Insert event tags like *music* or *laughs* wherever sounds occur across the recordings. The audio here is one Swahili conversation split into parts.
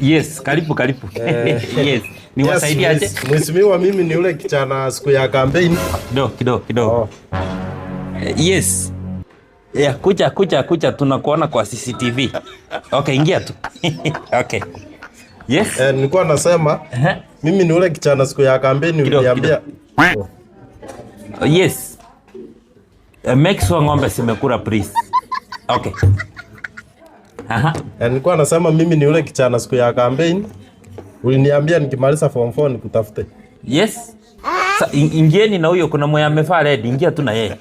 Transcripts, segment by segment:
Yes, karibu karibu. Eh. Yes. Niwasaidie aje? Mheshimiwa, mimi ni yule kijana siku ya kampeni. Kidogo kidogo kidogo. Oh. Eh, yes. Yeah, kucha kucha kucha tunakuona kwa CCTV. Okay, ingia tu. *laughs* Okay. Yes. Eh, nilikuwa nasema mimi ni yule kijana siku ya kampeni uliambia. Oh, yes. Uh, make sure ng'ombe simekula please. Okay. Aha. Eh, nilikuwa nasema mimi ni yule kichana siku ya campaign. Uliniambia nikimaliza form 4 nikutafute. Yes. Sa, ingieni na huyo kuna mwenye amevaa red, ingia tu na yeye.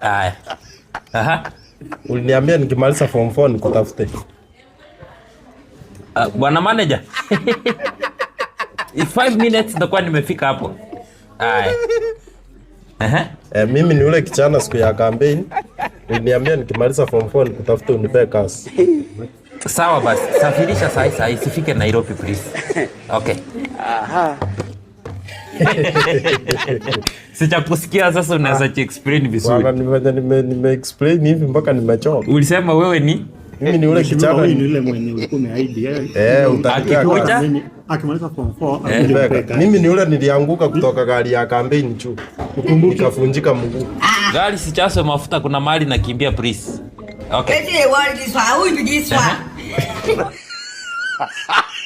Haya. Aha. Uliniambia nikimaliza form 4 nikutafute. Uh, bwana manager. In 5 minutes nitakuwa nimefika hapo. Haya. Aha. Eh, mimi ni yule kichana siku ya campaign. Niambia nikimaliza form 4 nikutafuta unipe kazi. Sawa basi, safirisha sahi sahi, sifike Nairobi please. Okay. Aha. *laughs* Sichakusikia sasa, unaweza ah. explain vizuri. Wana nime explain hivi mpaka nimechoka. Ulisema wewe ni mimi ni ule kichana ni mwenye ulikuwa umeahidi yeye. Eh, eh Akimaliza form 4 eh. mimi ni ule nilianguka kutoka gari ya kampeni tu. Ukumbuke kafunjika mguu. Gari sichaswe mafuta, kuna mali nakimbia pris Okay. *laughs*